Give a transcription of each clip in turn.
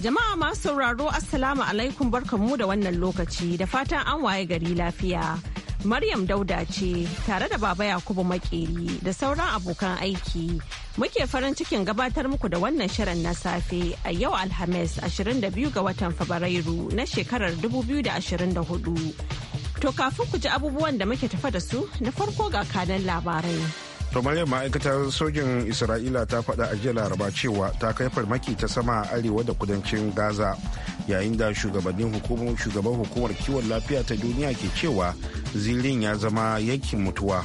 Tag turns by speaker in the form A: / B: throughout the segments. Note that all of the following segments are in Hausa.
A: Jama'a masu sauraro Assalamu alaikum barkanmu da wannan lokaci da fatan an waye gari lafiya. Maryam Dauda ce tare da Baba Yakubu Makeri da sauran abokan aiki. Muke farin cikin gabatar muku da wannan shirin na safe a yau Alhamis 22 ga watan Fabrairu na shekarar 2024. To kafin ku ji abubuwan da muke tafa da su na farko ga kanan labarai.
B: tomariyar ma'aikatar sojin isra'ila ta faɗa a jiya laraba cewa ta kai farmaki ta sama a arewa da kudancin gaza yayin da shugabannin hukumar shugaban hukumar kiwon lafiya ta duniya ke cewa zirin ya zama yankin mutuwa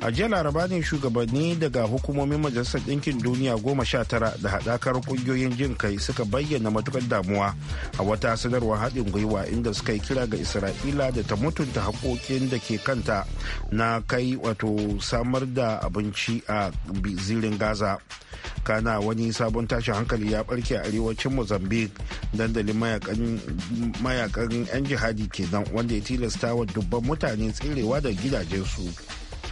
B: a jiya laraba ne shugabanni daga hukumomin majalisar ɗinkin duniya goma sha tara da haɗakar ƙungiyoyin jin kai suka bayyana matukar damuwa a wata sanarwar haɗin gwiwa inda suka yi kira ga isra'ila da ta mutunta haƙoƙin da ke kanta na kai wato samar da abinci a zirin gaza kana wani sabon tashin hankali ya barke a arewacin mozambique dandalin mayakan 'yan jihadi kenan wanda ya tilasta wa dubban mutane tserewa da gidajensu.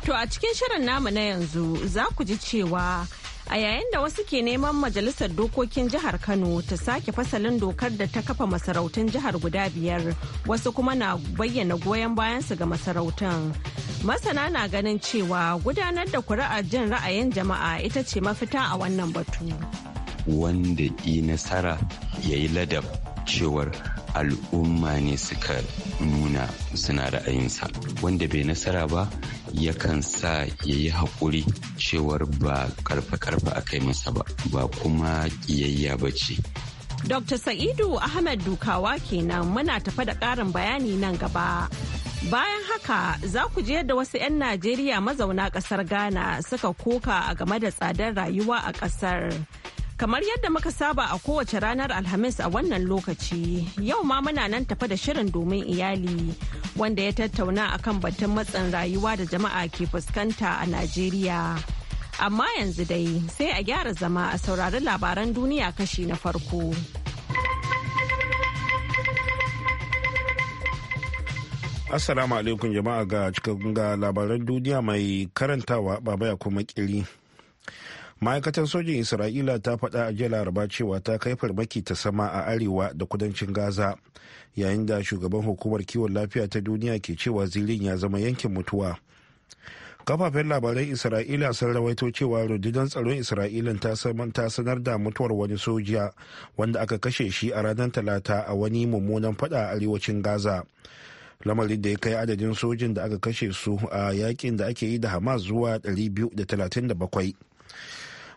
A: To a cikin shirin namu na yanzu za ku ji cewa a yayin da wasu ke neman majalisar dokokin jihar Kano ta sake fasalin dokar da ta kafa masarautun jihar guda biyar wasu kuma na bayyana goyon bayansu ga masarautan. Masana na ganin cewa gudanar da kuri'ar jin ra'ayin jama'a ita ce mafita a wannan batu.
C: Wanda yi nasara ya yi ladab cewar al'umma ne suka nuna suna ra'ayinsa wanda bai nasara ba yakan sa ya yi haƙuri cewar ba karfe-karfe a kai masa ba ba kuma ƙiyayya ba ce
A: Dr. Sa'idu Ahmed Dukawa kenan muna tafa da ƙarin bayani nan gaba. Bayan haka za ku je da wasu 'yan Najeriya mazauna ƙasar Ghana suka koka a game da tsadar rayuwa a ƙasar. Kamar yadda muka saba a kowace ranar Alhamis a wannan lokaci, yau ma muna nan tafa da shirin domin iyali wanda ya tattauna akan batun matsin rayuwa da jama'a ke fuskanta a Najeriya. Amma yanzu dai sai a gyara zama a saurari labaran duniya kashi na farko.
B: Assalamu alaikum jama'a ga cikakkun ga labaran duniya mai karantawa baba ya kuma kiri. ma'aikatan sojin isra'ila ta faɗa a jiya laraba cewa ta kai farmaki ta sama a arewa da kudancin gaza yayin da shugaban hukumar kiwon lafiya ta duniya ke cewa zirin ya zama yankin mutuwa kafafen labaran isra'ila sun rawaito cewa rundunar tsaron isra'ila ta sanar da mutuwar wani sojiya wanda aka kashe shi a ranar talata a wani mummunan fada a arewacin gaza lamarin da ya kai adadin sojin da aka kashe su a yakin da ake yi da hamas zuwa 237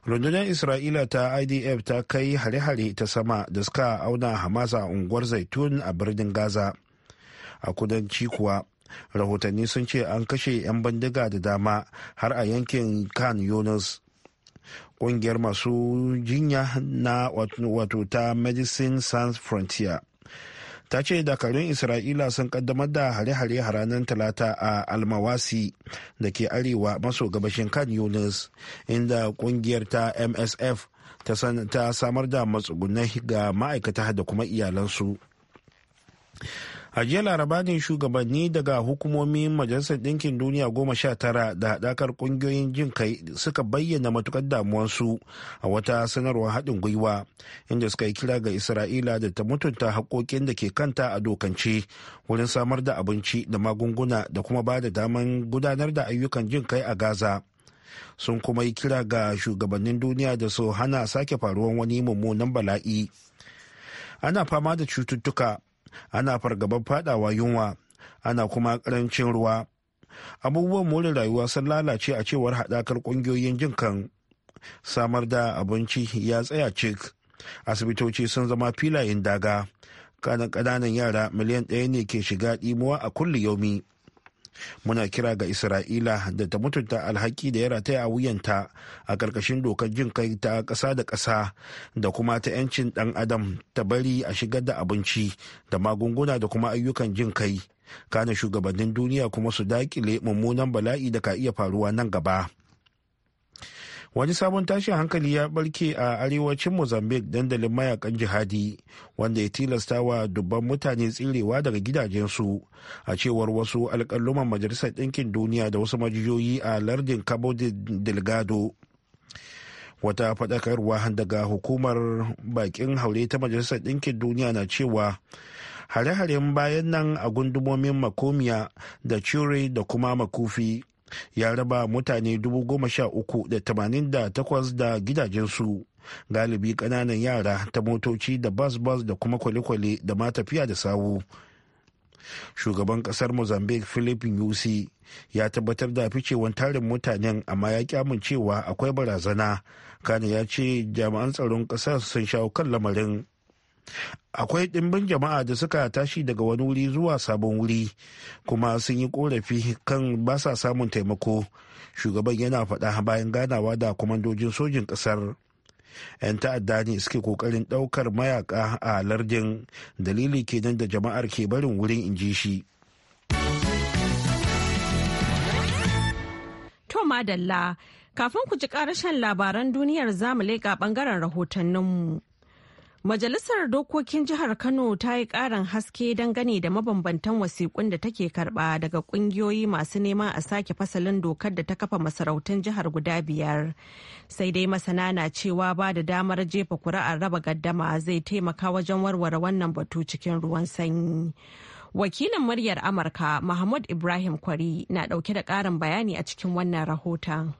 B: rundunar isra'ila ta idf ta kai hare-hare ta sama da suka auna hamas a unguwar zaitun a birnin gaza a kudanci kuwa rahotanni sun ce an kashe 'yan bindiga da dama har a yankin kan yunus kungiyar masu jinya na wato ta medicine sans frontier ta ce dakarun isra'ila sun kaddamar da hare-hare ranar talata a almawasi da ke arewa maso gabashin kan yunus inda kungiyar ta msf ta samar da matsugunai ga ma'aikata da kuma iyalansu a jiya laraba ne shugabanni daga hukumomin majalisar ɗinkin duniya goma sha tara da haɗakar ƙungiyoyin jin kai suka bayyana matukar damuwarsu a wata sanarwar haɗin gwiwa inda suka yi kira ga isra'ila da ta mutunta haƙoƙin da ke kanta a dokance wurin samar da abinci da magunguna da kuma ba da daman gudanar da ayyukan jin kai a gaza sun kuma yi kira ga shugabannin duniya da su hana sake faruwar wani mummunan bala'i ana fama da cututtuka ana fargabar fadawa yunwa ana kuma karancin ruwa abubuwan more rayuwa sun lalace a cewar haɗakar ƙungiyoyin jin kan samar da abinci ya tsaya cik asibitoci sun zama filayen daga kanan ƙananan yara miliyan ɗaya ne ke shiga ɗimuwa a kulli yaumi. muna kira ga isra'ila da ta mutunta alhaki da ya rataya a wuyanta a ƙarƙashin dokar jin kai ta ƙasa da ƙasa da kuma ta 'yancin ɗan adam ta bari a shigar da abinci da magunguna da kuma ayyukan jin kai kana shugabannin duniya kuma su daƙile mummunan bala'i da ka iya faruwa nan gaba wani sabon tashin hankali ya barke a arewacin mozambique dandalin mayakan jihadi wanda ya tilasta wa dubban mutane tsirewa daga gidajensu a cewar wasu alkaluman majalisar ɗinkin duniya da wasu majiyoyi a lardin cabo delgado wata faɗakarwa daga hukumar bakin haure ta majalisar ɗinkin duniya na cewa hare-haren bayan nan a gundumomin makomiya da cure da kuma makufi ya raba mutane dubu goma sha uku da tamanin da takwas da gidajensu galibi kananan yara ta motoci da bas-bas da kuma kwalekwale da ma tafiya da sawu shugaban kasar mozambique philip yusi ya tabbatar da ficewan tarin mutanen amma ya kyamun cewa akwai barazana kane ya ce jami'an tsaron kasar sun shawo kan lamarin akwai ɗimbin jama'a da suka tashi daga wani wuri zuwa sabon wuri kuma sun yi korafi kan ba sa samun taimako shugaban yana faɗa bayan ganawa da kwamandojin sojin ƙasar 'yan ta'adda ne suke kokarin ɗaukar mayaka a lardin dalili kenan da jama'ar ke barin wurin inji shi
A: to madalla kafin ku ji ƙarashen labaran duniyar zamu leƙa ɓangaren rahotanninmu. Majalisar Dokokin Jihar Kano ta yi ƙarin haske dangane da mabambantan wasiƙun da take karɓa daga ƙungiyoyi masu neman a sake fasalin dokar da ta kafa masarautun jihar guda biyar. Sai dai masana na cewa ba da damar jefa kuri'ar raba gaddama zai taimaka wajen warware wannan batu cikin ruwan sanyi. Wakilin muryar Amurka Mahmud Ibrahim Kwari na ɗauke da ƙarin bayani a cikin wannan rahoton.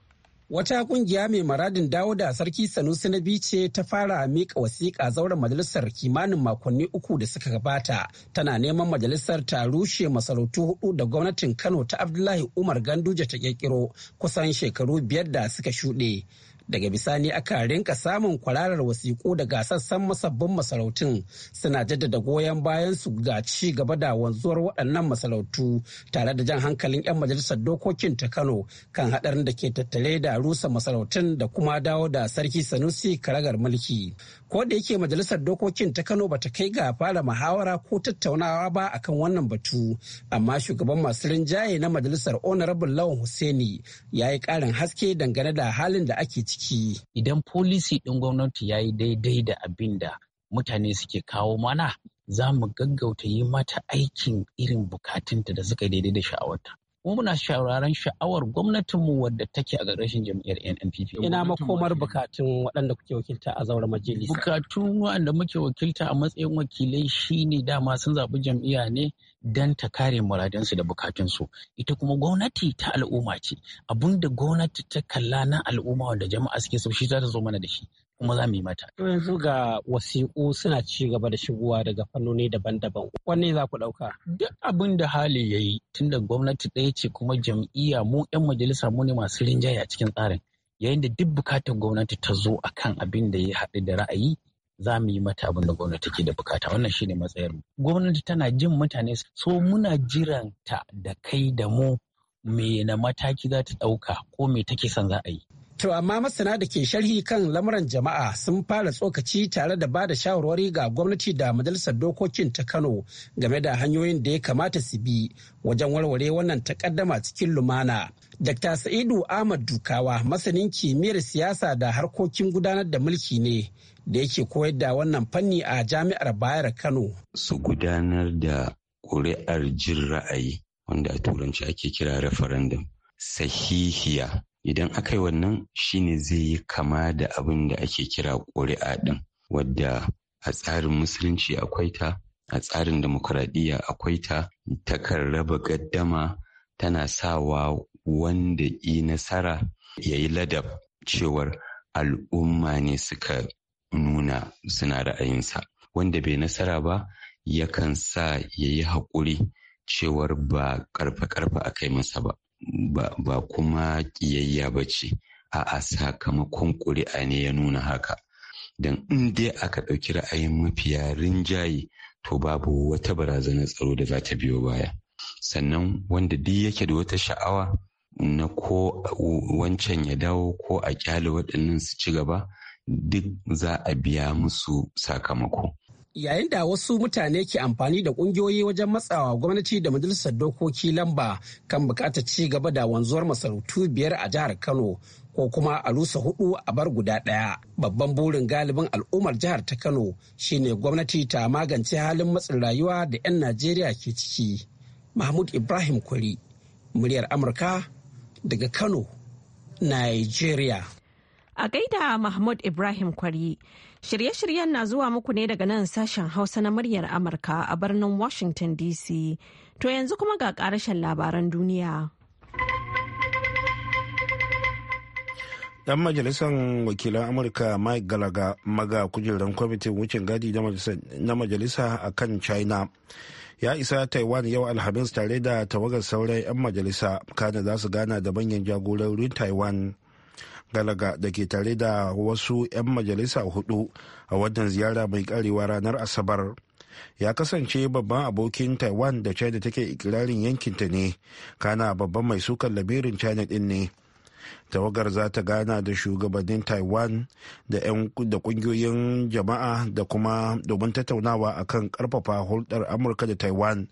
D: Wata kungiya mai maradin dawo da sarki Sanusi na ce ta fara miƙa wasiƙa zauren majalisar kimanin makonni uku da suka gabata. Tana neman majalisar ta rushe masarautu hudu da gwamnatin Kano ta Abdullahi Umar Ganduje ta ƙirƙiro kusan shekaru biyar da suka shuɗe. daga bisani aka rinka samun kwararar wasiƙu daga sassan masabbin masarautun suna jaddada goyon bayan su ga ci gaba da wanzuwar waɗannan masarautu tare da jan hankalin 'yan majalisar dokokin ta kano kan haɗarin da ke tattare da rusa masarautun da kuma dawo da sarki sanusi karagar mulki ko da yake majalisar dokokin ta kano bata kai ga fara muhawara ko tattaunawa ba akan wannan batu amma shugaban masu rinjaye na majalisar honorable lawan hussaini ya yi karin haske dangane da halin da ake ciki idan policy din gwamnati ya yi daidai da abin da
E: mutane suke kawo mana za mu gaggauta yi mata aikin irin bukatunta da suka daidai da sha'awarta kuma muna shawararen sha'awar gwamnatinmu wadda take a ƙarƙashin jam'iyyar
D: NNPP. Ina makomar bukatun waɗanda kuke wakilta a zauren majalisa.
E: Bukatun waɗanda muke wakilta a matsayin wakilai shine dama sun zaɓi jam'iyya ne don ta kare muradansu da bukatunsu. Ita kuma gwamnati ta al'umma ce. Abun da gwamnati ta kalla na al'umma wanda jama'a suke so shi za ta zo mana da shi. kuma za mu yi mata. Yanzu ga wasiƙu suna ci gaba da shigowa daga fannoni daban-daban. Wanne za ku ɗauka? Duk abin da hali ya yi Tun da gwamnati ɗaya ce kuma jam'iyya mu 'yan majalisa mu ne masu rinjaya a cikin tsarin. Yayin da duk bukatar gwamnati ta zo a kan abin da ya haɗu da ra'ayi za mu yi mata abin da gwamnati ke da bukata wannan ne matsayar mu gwamnati tana jin mutane so muna jiran ta da kai da mu me na mataki za ta ɗauka ko me take son za a yi
D: To amma masana da ke sharhi kan lamuran jama'a sun fara tsokaci tare da ba da shawarwari ga gwamnati da majalisar dokokin ta Kano game da hanyoyin da ya kamata su bi wajen warware wannan takaddama cikin lumana. Dr. Sa'idu Ahmad Dukawa masanin kimiyyar siyasa da harkokin gudanar da mulki ne da yake koyar da wannan fanni a jami'ar Bayar Kano.
C: Su gudanar da ƙuri'ar jin ra'ayi wanda a turanci ake kira referendum sahihiya idan aka yi wannan shine zai yi kama da abin da ake kira ƙuri'a ɗin wadda a tsarin musulunci akwai ta a tsarin demokuraɗiyya akwai ta takan raba gaddama tana sawa wanda yi nasara ya yi ladab cewar al'umma ne suka nuna suna ra'ayinsa wanda bai nasara ba yakan sa ya yi haƙuri cewar ba ƙarfe-ƙarfe a kai masa ba ba kuma ƙiyayya ba ce a'a sakamakon ƙuri'a ne ya nuna haka don in dai aka ɗauki ra'ayin mafiya rinjaye to babu wata barazanar tsaro da za ta biyo baya sannan wanda duk yake da wata sha'awa na ko wancan ya dawo ko a kyale waɗannan su ci gaba duk za a biya musu sakamako
D: yayin da wasu mutane ke amfani da kungiyoyi wajen matsawa gwamnati da majalisar dokoki lamba kan bukatar ci gaba da wanzuwar masarautu biyar a jihar kano ko kuma a rusa hudu a bar guda daya babban burin galibin al'ummar jihar ta kano shine gwamnati ta magance halin matsin rayuwa da 'yan najeriya ke ciki mahmud ibrahim kwari muryar amurka daga kano nigeria
A: A gaida Mahmud Ibrahim Kwari, shirye-shiryen na zuwa muku ne daga nan sashen Hausa na muryar Amurka a birnin Washington DC. To yanzu kuma ga karashen labaran duniya.
B: Dan majalisar wakilan Amurka Mike galaga maga kujerar kwamitin wucin gadi na majalisa a kan China. ya isa taiwan yau alhamis tare da tawagar sauran 'yan majalisa kana za su gana da manyan jagororin taiwan galaga da ke tare da wasu 'yan majalisa hudu a wannan ziyara mai karewa ranar asabar ya kasance babban abokin taiwan da china take ikirarin yankinta ne kana babban mai sukan lamirin china din ne tawagar za ta gana da shugabannin taiwan da ƙungiyoyin kungiyoyin jama'a da kuma domin tattaunawa akan karfafa hulɗar amurka da taiwan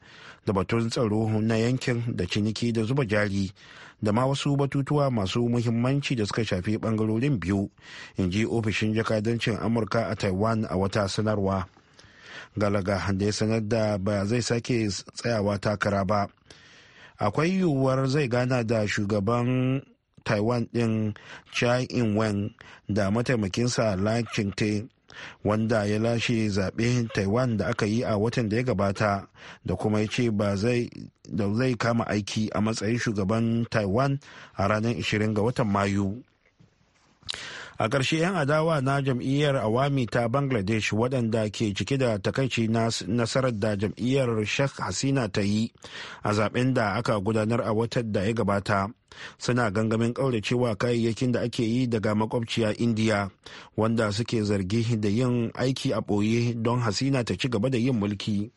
B: da batun tsaro na yankin da ciniki da zuba jari da ma wasu batutuwa masu muhimmanci da suka shafi bangarorin biyu in ji ofishin jakadancin amurka a taiwan a wata sanarwa galaga da ya sanar da ba zai sake tsayawa takara ba akwai yiwuwar zai gana da shugaban taiwan din chai in-wen da mataimakinsa lai ching wanda ya lashe zaɓe taiwan da aka yi a watan da ya gabata da kuma ya ce ba zai kama aiki a matsayin shugaban taiwan a ranar 20 ga watan mayu a ƙarshe 'yan adawa na jam'iyyar awami ta bangladesh waɗanda ke cike da takaici nasarar da jam'iyyar sheikh hasina ta yi a zaɓen da aka gudanar a watan da ya gabata suna gangamin cewa kayayyakin da ake yi daga makwabciya indiya wanda suke zargi da yin aiki a ɓoye don hasina ta ci gaba da yin mulki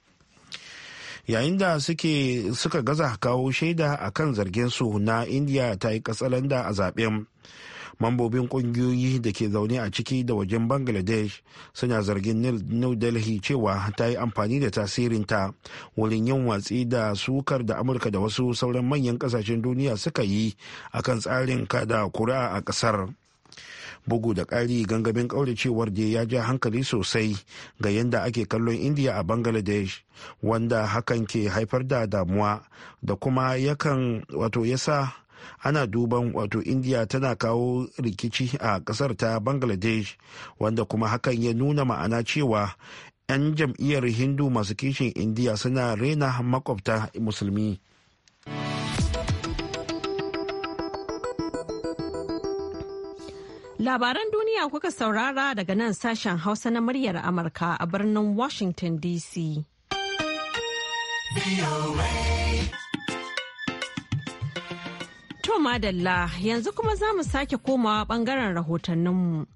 B: yayin da suke suka gaza kawo shaida a kan su na indiya ta yi katsalanda a zaben mambobin kungiyoyi da ke zaune a ciki da wajen bangladesh suna zargin new delhi cewa ta yi amfani da tasirinta wurin yin watsi da sukar da amurka da wasu sauran manyan kasashen duniya suka yi akan tsarin kada kuri'a a kasar bugu da ƙari gangamin ƙauracewar da ya ja hankali sosai ga yadda ake kallon indiya a bangladesh wanda hakan ke haifar da damuwa da kuma yakan wato yasa ana duban wato indiya tana kawo rikici a ƙasar ta bangladesh wanda kuma hakan ya nuna ma'ana cewa 'yan jam'iyyar hindu masu kishin indiya suna rena makwabta musulmi
A: Labaran duniya kuka saurara daga nan sashen Hausa na muryar Amurka a birnin Washington DC. To madalla yanzu kuma za mu sake komawa bangaren rahotanninmu.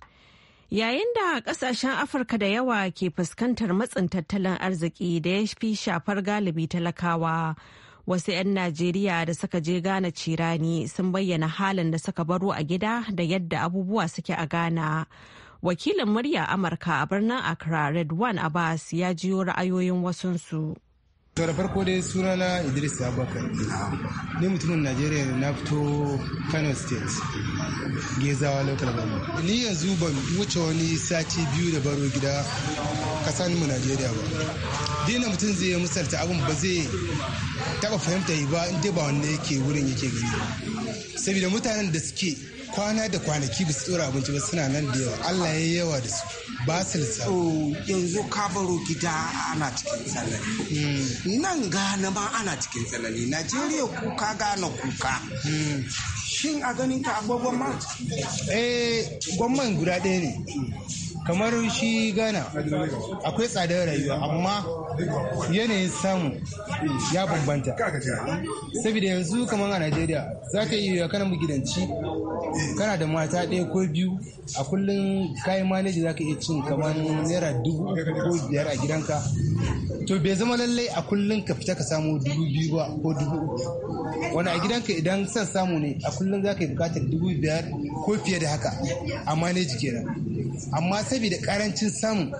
A: Yayin da kasashen Afirka da yawa ke fuskantar matsin tattalin arziki da ya fi shafar galibi talakawa. wasu 'yan najeriya da suka je ghana cirani sun bayyana halin da suka baro a gida da yadda abubuwa suke a ghana wakilin murya amurka a birnin accra red one abbas ya jiyo ra'ayoyin wasunsu.
F: To farko dai sunana Idris Abubakar. Ni mutumin Najeriya na fito Kano State, Gezawa Local Government. Ni yanzu ban wuce wani sati biyu da baro gida kasan mu Najeriya ba. Dina mutum zai yi misalta abin ba zai taba fahimta ba inda ba wanda yake wurin yake gani. Saboda mutanen da suke kwana da kwanaki ba su tsora abinci ba suna nan da yawa Allah ya yawa da su ba su lissafi. yanzu ka baro gida ana cikin tsanani hmm.
G: nan gana ma ana cikin
F: tsanani Najeriya kuka gana kuka. Hmm. Shin a ganin ka akwai gwamnati? Eh gwamnan guda ɗaya ne. kamar shi gana akwai tsadar rayuwa amma yanayin samu ya bambanta saboda yanzu kamar a najeriya za ka yi ya kanan magidanci kana da mata ɗaya ko biyu a kullum kayi manaji za ka iya cin kamar naira dubu ko biyar a gidanka to bai zama lallai a kullum ka fita ka samu dubu biyu ba ko dubu uku wani a gidanka idan son samu ne a kullum za ka yi bukatar dubu biyar ko fiye da haka a manaji kenan amma saboda karancin samu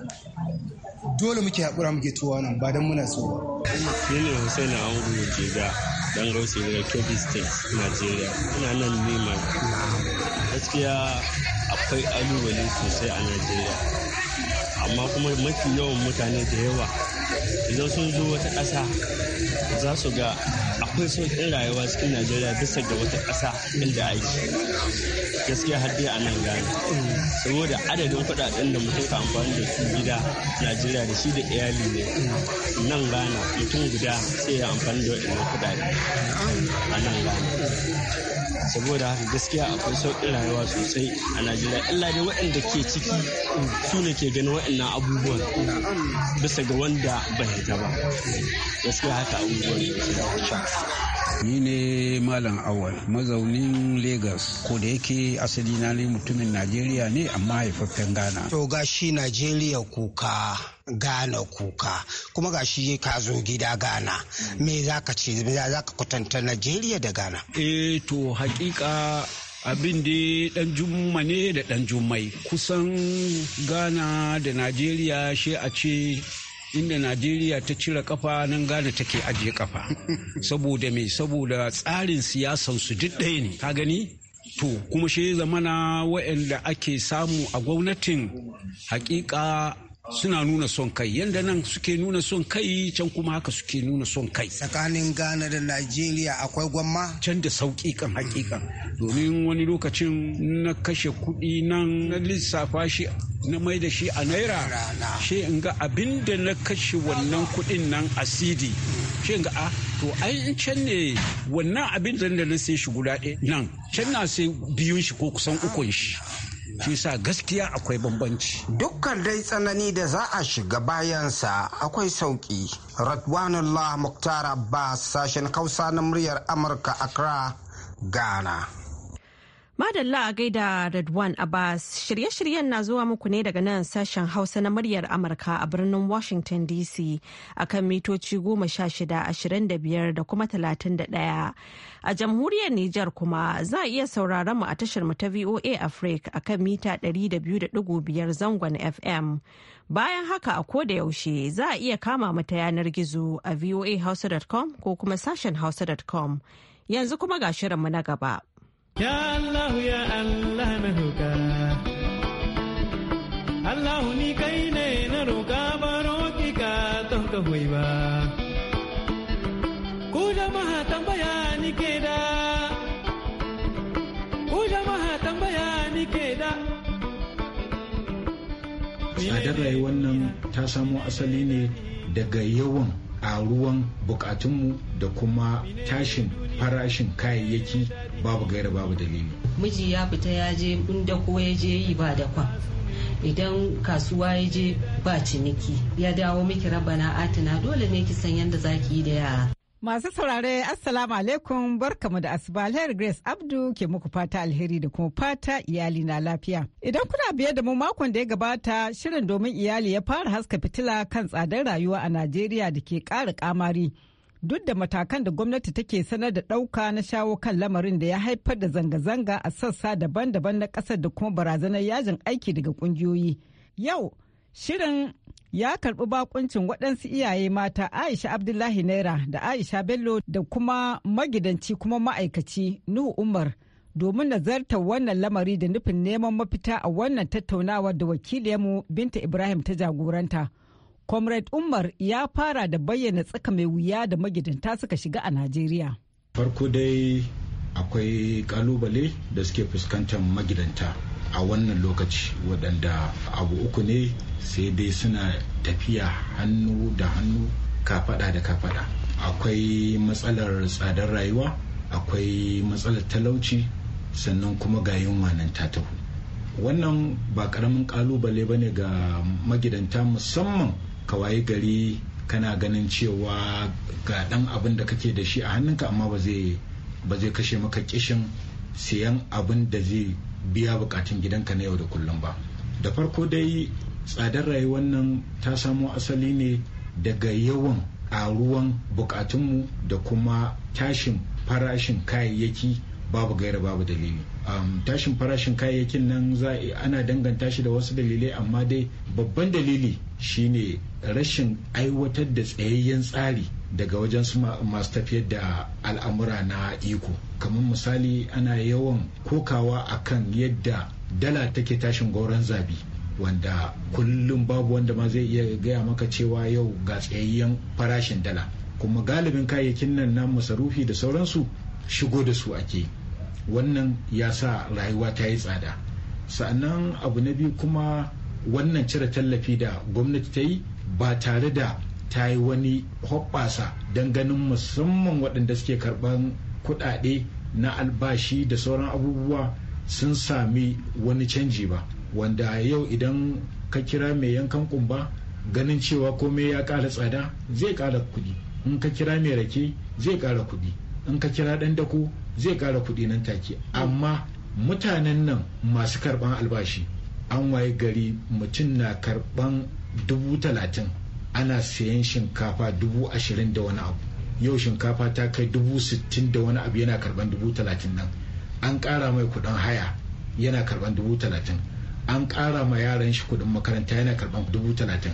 F: dole muke haƙura muke tuwa nan ba don muna so ba.
D: Ni ne Hussein Angu Jega. dan gausi daga kebbi state nigeria ina nan nema gaskiya akwai alubale sosai a nigeria amma kuma mafi yawan mutane da yawa idan sun zo wata ƙasa za su ga akwai sauƙin rayuwa cikin najeriya bisa ga wata ƙasa inda aiki gaskiya har dai a nan gani saboda adadin kuɗaɗen da mutum ka amfani da su gida najeriya da shi da iyali ne nan gana mutum guda sai ya amfani da waɗannan kuɗaɗe a nan gana saboda haka gaskiya akwai sauƙin rayuwa sosai a najeriya allah dai waɗanda ke ciki su ne ke ganin waɗannan abubuwan bisa ga wanda bai ba gaskiya haka abubuwan da
G: Ni ne Malam Awal mazaunin Lagos ko da yake asali na ne mutumin Najeriya ne amma haifaffen Ghana. To ga shi Najeriya kuka Ghana kuka kuma ga shi ka zo gida Ghana me za ka ce za ka kwatanta Najeriya da Ghana? Eh to hakika abin da dan jumma ne da dan jummai kusan ghana da najeriya shi a ce inda najeriya ta cire kafa nan gane take ajiye kafa saboda mai saboda tsarin siyasan su duk ɗaya ne ka gani to kuma shi zamana waɗanda ake samu a gwamnatin hakika suna nuna son kai yadda nan suke nuna son kai can kuma haka suke nuna son kai tsakanin ghana da najeriya akwai gwamma can da sauƙi kan hakikan domin wani lokacin na kashe kuɗi nan na lissafa shi na mai da shi a naira shi in ga abin da na kashe wannan kuɗin nan a cd shi in ga a ah, to ai in can ne wannan abin da na sai shi guda nan can na sai biyun shi ko kusan ukun shi shi sa gaskiya akwai bambanci dukkan dai tsanani da za a shiga bayansa akwai sauki radwanullah muktar abbas sashen kausa na muryar amurka accra ghana
A: Madalla a gaida Redwan Abbas shirye-shiryen na zuwa muku ne daga nan sashen Hausa na muryar Amurka a birnin Washington DC a kan mitoci goma sha shida ashirin da biyar da kuma talatin da ɗaya. A jamhuriyar Nijar kuma za a iya sauraron mu a tashar mu ta VOA Africa kan mita ɗari da biyu da ɗigo biyar zangon FM. Bayan haka a ko da yaushe za a iya kama mu ta yanar gizo a voahausa.com ko kuma sashen hausa.com. Yanzu kuma ga shirinmu na gaba.
C: Ya Allah ya Allah na roƙa. Allah ni kai ne na roƙa baro ki ka ton ka hoyi ba. Ku jama'a tambaya ni ke da. Ku jama'a tambaya ni ke da.
H: Tsadar rayuwar nan ta samo asali ne daga yawan a ruwan bukatunmu da kuma tashin farashin kayayyaki babu gaira babu dalili
I: miji ya fita ya je inda ko ya je yi ba da kwan idan kasuwa ya je ba ciniki ya
J: dawo miki raba na atina dole ne ki san yadda ki yi da yara Masu saurare Assalamu alaikum barkamu da asuba alheri Grace Abdu ke muku fata alheri da kuma fata iyali na lafiya. Idan kuna biye da mu makon da ya gabata shirin domin iyali ya fara haska fitila kan tsadar rayuwa a Najeriya da ke kara kamari. duk da matakan da gwamnati take sanar da ɗauka na shawo kan lamarin da ya haifar da zanga-zanga a sassa daban-daban na ƙasar da kuma barazanar yajin aiki daga ƙungiyoyi. Yau, shirin ya karɓi bakuncin waɗansu iyaye mata Aisha Abdullahi Naira da Aisha Bello da kuma magidanci kuma ma'aikaci Nuhu Umar domin nazartar wannan lamari da nufin neman mafita a wannan tattaunawar da wakiliyarmu Binta Ibrahim ta jagoranta. Comrade Umar ya fara da bayyana tsaka mai wuya da magidanta suka shiga a Najeriya.
H: Farko dai akwai kalubale da suke fuskantar magidanta a wannan lokaci waɗanda abu uku ne sai dai suna tafiya hannu da hannu kafada da kafada. Akwai matsalar tsadar rayuwa, akwai matsalar talauci, sannan kuma ga yunwa nan ta tafi. Wannan ba ƙaramin ƙalubale ba ne ga magidanta musamman ka wayi gari kana ganin cewa ga dan abin da kake da shi a hannunka amma ba zai ba zai kashe maka kishin siyan abin da zai biya bukatun gidanka na yau da kullum ba da farko dai tsadar rayuwar nan ta samo asali ne daga yawan a ruwan bukatunmu da kuma tashin farashin kayayyaki babu gaira babu dalili um, tashin farashin kayayyakin nan za ana danganta shi da wasu dalilai amma dai babban dalili shine rashin aiwatar da tsayayyen tsari daga wajen su masu tafiyar da al'amura na iko kamar misali ana yawan kokawa a kan yadda dala take tashin gauran zabi wanda kullum babu wanda ma zai iya gaya maka cewa yau ga tsayayyen farashin dala kuma galibin kayayyakin nan na masarufi da sauransu shigo da su ake wannan ya sa rayuwa ta yi tsada sa'annan abu na biyu kuma wannan cire tallafi da gwamnati ta yi ba tare da ta yi wani hoɓɓasa don ganin musamman waɗanda suke karɓan kuɗaɗe na albashi da sauran abubuwa sun sami wani canji ba wanda yau idan ka kira mai yankan kumba ganin cewa komai ya ƙara tsada zai ƙara kuɗi in ka kira mai rake zai ƙara kuɗi in ka kira dan dako zai kara kuɗi nan take amma mutanen nan masu karban albashi an waye gari mutum na karban dubu talatin ana sayan shinkafa dubu ashirin da wani abu yau shinkafa ta kai dubu sittin da wani abu yana karban dubu talatin nan an ƙara mai kuɗin haya yana karban dubu talatin an ƙara ma yaran shi kuɗin makaranta yana karban dubu talatin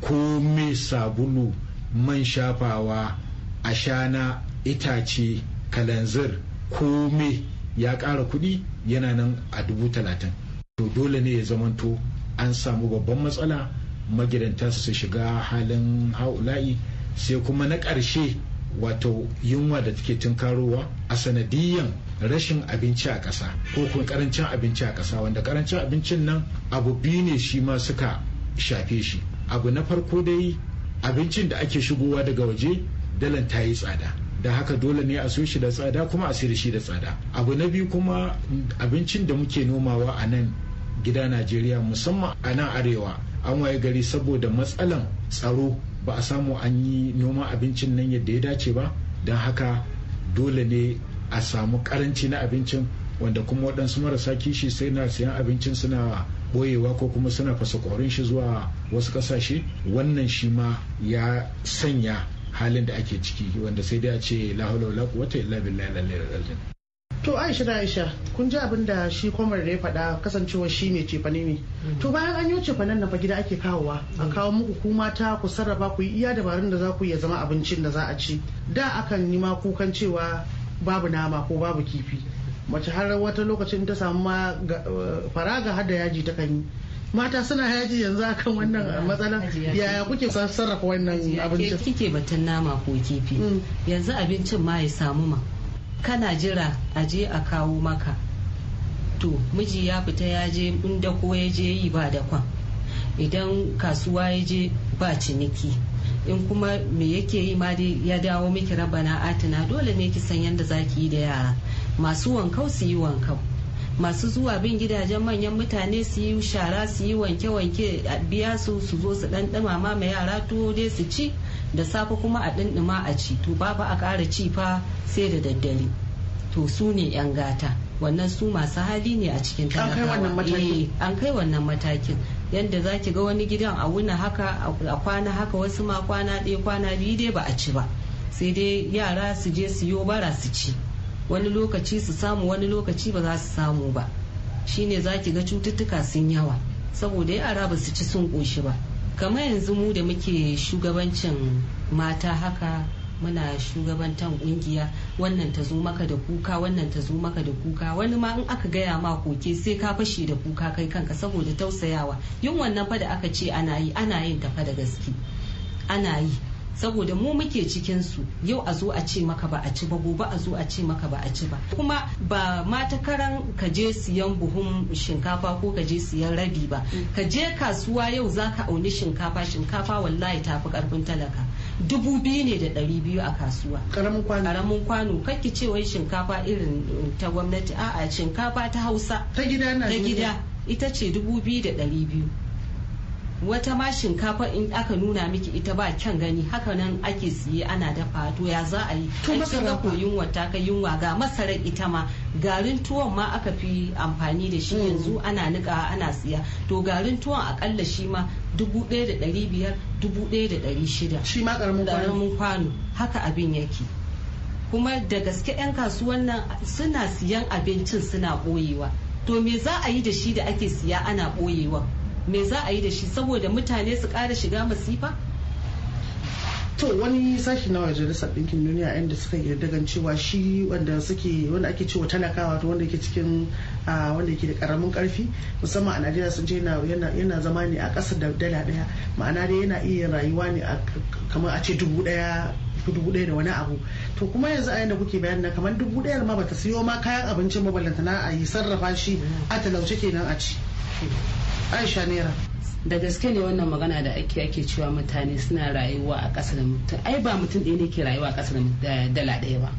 H: ko me sabulu man shafawa ashana itace kalanzir kome ya ƙara kuɗi yana nan a dubu talatin to dole ne ya zamanto an samu babban matsala magidanta su shiga halin haula'i sai kuma na ƙarshe wato yunwa da take tunkarowa a sanadiyan rashin abinci a ƙasa ko kuma ƙarancin abinci a ƙasa wanda ƙarancin abincin nan abu biyu ne shi ma suka shafe shi abu na farko dai abincin da ake shigowa daga waje dalan ta yi tsada da haka dole ne a so shi da tsada kuma a sayar shi da tsada abu na biyu kuma abincin da muke nomawa a nan gida najeriya musamman a nan arewa an waye gari saboda matsalan tsaro ba a samu an yi noma abincin nan yadda ya dace ba don haka dole ne a samu karanci na abincin wanda kuma waɗansu marasa kishi sai na siyan abincin suna boyewa ko kuma suna fasa shi zuwa wasu ƙasashe wannan shi ma ya sanya halin da ake ciki wanda sai dai a ce la haula wala quwwata illa billahi
K: to aisha da aisha kun ji abin da shi komar da ya faɗa kasancewa shi ne cefane ne mm. to bayan an yi cefanen nan gida ake kawowa a mm. kawo muku ku mata ku sarrafa ku yi iya dabarun da za ku iya zama abincin da za a ci da akan yi ma kukan cewa babu nama ko babu kifi mace har wata lokacin ta samu ma eh,
I: faraga har da yaji ta kan yi mata suna yaji yanzu akan wannan matsalan yaya kuke sarrafa wannan abincin kike batun nama ko kifi mm. yanzu abincin ma ya samu ma kana jira a je a kawo maka to miji ya fita ya je inda ko ya je yi ba da kwan. idan kasuwa ya je ba ciniki in kuma me yake yi ma dai ya dawo miki rabana atina dole ne ki san yadda zaki yi da yara masu wankau su yi wankau masu zuwa bin gidajen manyan mutane su yi shara su yi wanke-wanke a biya su su zo su dan dumama ma yara tuwo dai su ci da safe kuma a dindima a ci to babu a ƙara ci fa sai da daddare to su ne 'yan gata wannan su masu hali ne a cikin an kai wannan matakin eh, yadda za ki ga wani gidan a wuna haka a kwana haka wasu ma kwana ɗaya kwana biyu dai ba a ci ba sai dai yara su je su yo bara su ci wani lokaci su samu wani lokaci ba za su samu ba shine za ki ga cututtuka sun yawa saboda yara ba su ci sun ƙoshi ba kamar yanzu mu da muke shugabancin mata haka muna shugabantan kungiya wannan ta zo maka da kuka wannan ta zo maka da kuka wani ma in aka gaya ma koke sai ka fashe da kuka kai kanka saboda tausayawa yin wannan fa da aka ce ana yi ana yin ta fa da gaske ana yi saboda mu muke cikin su yau a zo a ce maka ba a ci ba gobe a zo a ce maka ba a ci ba kuma ba mata karan ka je siyan buhun shinkafa ko ka je siyan rabi ba ka je kasuwa yau za ka auni shinkafa shinkafa wallahi tafi karfin talaka dubu biyu ne da ɗari biyu a kasuwa. Karamin kwano. Karamin kwano kakki ce wai shinkafa irin eh, ta gwamnati a'a shinkafa ta Hausa. Ta gida na Ta ita ce dubu biyu da ɗari biyu. wata ma shinkafa in aka nuna miki ita ba kyan gani haka nan ake siye ana dafa to ya za a yi to kin ga koyin wata ka yunwa ga masarar ita ma garin tuwon ma aka fi amfani da shi mm. yanzu ana nika ana siya to garin tuwon akalla shi ma dubu ɗaya da ɗari biyar dubu ɗaya da ɗari shida shi ma ƙaramin kwano haka abin yake kuma da gaske 'yan kasuwan nan suna siyan abincin suna ɓoyewa to me za a yi da shi da ake siya ana ɓoyewa me za a yi da shi saboda mutane su kara shiga masifa
K: to wani sashi na da ɗinkin duniya inda suka yarda cewa shi wanda suke wanda ake cewa talakawa to wanda yake cikin wanda yake da karamin karfi musamman a najeriya sun ce yana zama ne a ƙasa da dala ɗaya ma'ana dai yana iya rayuwa ne kamar a ce dubu ɗaya dubu ɗaya da wani abu to kuma yanzu a yanda kuke bayan kamar dubu ɗaya ma bata siyo ma kayan abincin ba na a yi sarrafa shi a talauce kenan a ci aisha naira da gaske ne wannan magana da ake ake cewa mutane suna rayuwa a ƙasa da mutum ai ba mutum ɗaya ne ke rayuwa a ƙasa da dala ɗaya ba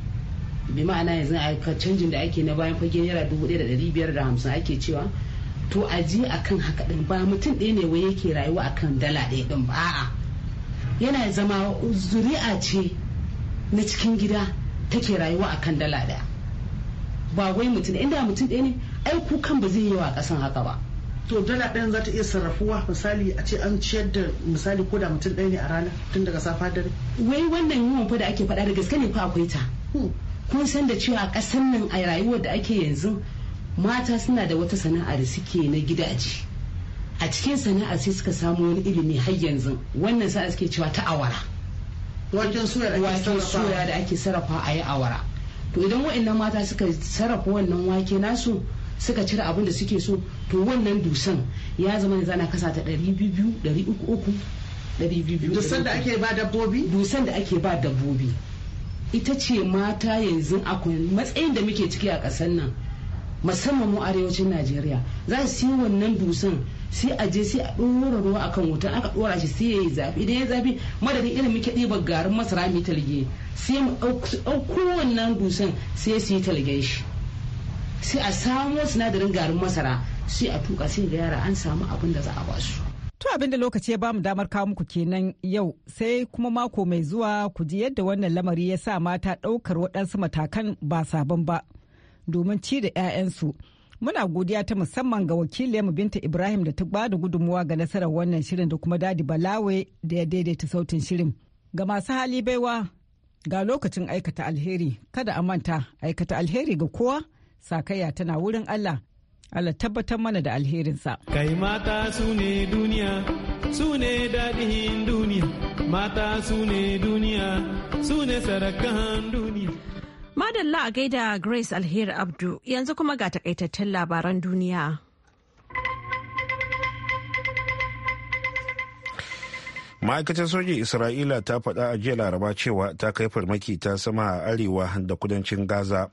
K: bi ma'ana yanzu a canjin da ake na bayan fage yara dubu ɗaya da ɗari biyar da hamsin ake cewa to a je a kan haka ɗin ba mutum ɗaya ne wai yake rayuwa a kan dala ɗaya ɗin ba a'a yana zama zuri'a ce na cikin gida take rayuwa a kan dala daya ba wai mutum inda mutum ɗaya ne ai kukan ba zai yi wa ƙasan haka ba to dala ɗayan za ta iya sarrafuwa misali a ce an ciyar da misali ko da mutum ɗaya ne a rana tun daga safa dare wai wannan yawan fa da ake faɗa da gaske ne fa akwai ta hmm. kun san da cewa a nan a rayuwar da ake yanzu mata suna da wata sana'a da suke na gidaje a cikin sana'a sai suka samu wani ilimi har yanzu wannan sa suke cewa ta awara wajen suya da ake sarrafa a yi awara to idan wa'annan mata suka sarrafa wannan wake nasu suka cire abin da suke so to wannan dusan ya zama ne zana kasa ta 200 300 dusan da ake ba dabbobi dusan da ake ba dabbobi ita ce mata yanzu akwai matsayin da muke ciki a ƙasar nan musamman mu arewacin najeriya za su yi wannan dusan sai a je sai a ɗora ruwa akan wuta aka ɗora shi sai yayi zafi idan ya zafi madadin irin muke ɗiba garin masara mu talge sai mu ɗauko wannan dusan
J: sai su yi talge shi sai a samo sinadarin garin masara sai a tuka sai ga yara an samu abin da za a basu. To abin da lokaci ya bamu damar kawo muku kenan yau sai kuma mako mai zuwa ku ji yadda wannan lamari ya sa mata ɗaukar waɗansu matakan ba sabon ba domin ci da 'ya'yansu. Muna godiya ta musamman ga wakiliyarmu Binta Ibrahim da ta bada gudunmuwa ga nasarar wannan shirin da kuma Dadi Balawe da ya daidaita sautin shirin. Ga masu hali baiwa ga lokacin aikata alheri kada a manta aikata alheri ga kowa sakayya tana wurin Allah. Allah tabbatar mana da alherinsa.
C: Kai mata su ne duniya, su ne daɗin duniya, mata su ne duniya, su ne sarakan
J: duniya.
A: Madalla a gaida Grace Alheri Abdu yanzu kuma ga takaitattun labaran duniya.
B: ma'aikatar sojin isra'ila ta faɗa a jiya laraba cewa ta kai farmaki ta sama a arewa da kudancin gaza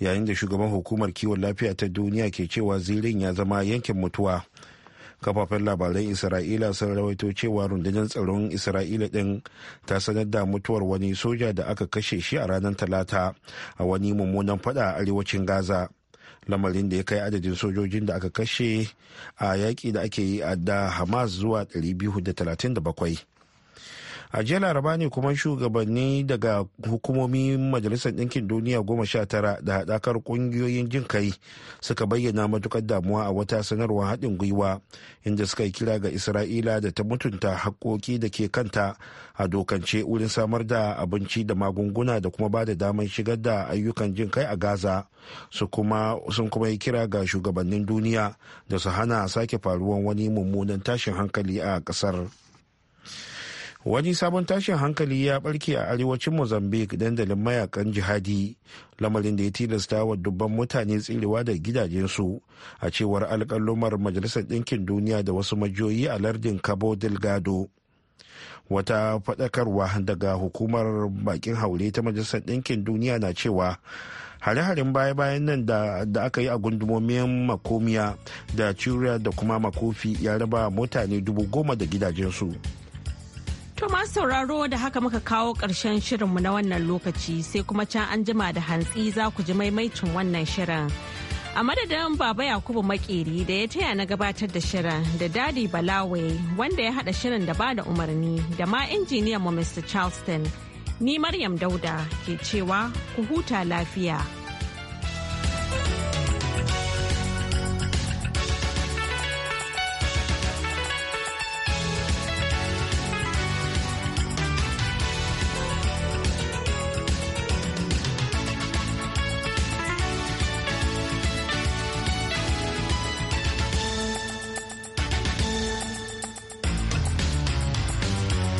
B: yayin da shugaban hukumar kiwon lafiya ta duniya ke cewa zirin ya zama yankin mutuwa kafafen labaran isra'ila sun rawaito cewa rundunar tsaron isra'ila din ta sanar da mutuwar wani soja da aka kashe shi a ranar talata a wani mummunan fada a arewacin gaza lamarin da ya kai adadin sojojin da aka kashe a yaƙi da ake yi a da hamas zuwa 237 a jiya laraba ne kuma shugabanni daga hukumomin majalisar ɗinkin duniya goma sha tara da haɗakar ƙungiyoyin jin kai suka bayyana matukar damuwa a wata sanarwar haɗin gwiwa inda suka yi kira ga isra'ila da ta mutunta haƙƙoƙi da ke kanta a dokance wurin samar da abinci da magunguna da kuma ba da damar shigar da ayyukan jin kai a gaza su kuma sun kuma yi kira ga shugabannin duniya da su hana sake faruwan wani mummunan tashin hankali a ƙasar. wani sabon tashin hankali ya barke a arewacin mozambique dandalin mayakan jihadi lamarin da ya tilasta wa dubban mutane tsirewa da gidajensu a cewar alkalomar majalisar ɗinkin duniya da wasu majiyoyi a lardin cabo delgado wata faɗakarwa daga hukumar bakin haure ta majalisar ɗinkin duniya na cewa hare-haren baya-bayan nan da, aka yi a gundumomin makomiya da curiya da kuma makofi ya raba mutane dubu goma da gidajensu.
A: To masu sauraro da haka muka kawo ƙarshen shirinmu na wannan lokaci sai kuma can an jima da hantsi za ku ji maimaicin wannan shirin. A madadin Baba Yakubu Makeri da ya taya na gabatar da shirin da Dadi Balawe wanda ya haɗa shirin da ba bada umarni da ma injiniyan mu Mr. Charleston. Ni Maryam Dauda ke cewa ku huta lafiya.